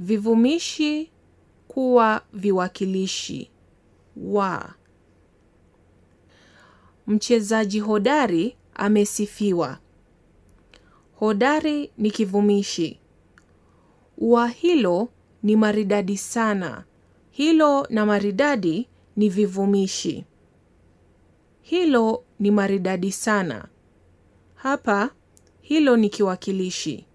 Vivumishi kuwa viwakilishi wa. Mchezaji hodari amesifiwa. Hodari ni kivumishi. Ua hilo ni maridadi sana. Hilo na maridadi ni vivumishi. Hilo ni maridadi sana. Hapa hilo ni kiwakilishi.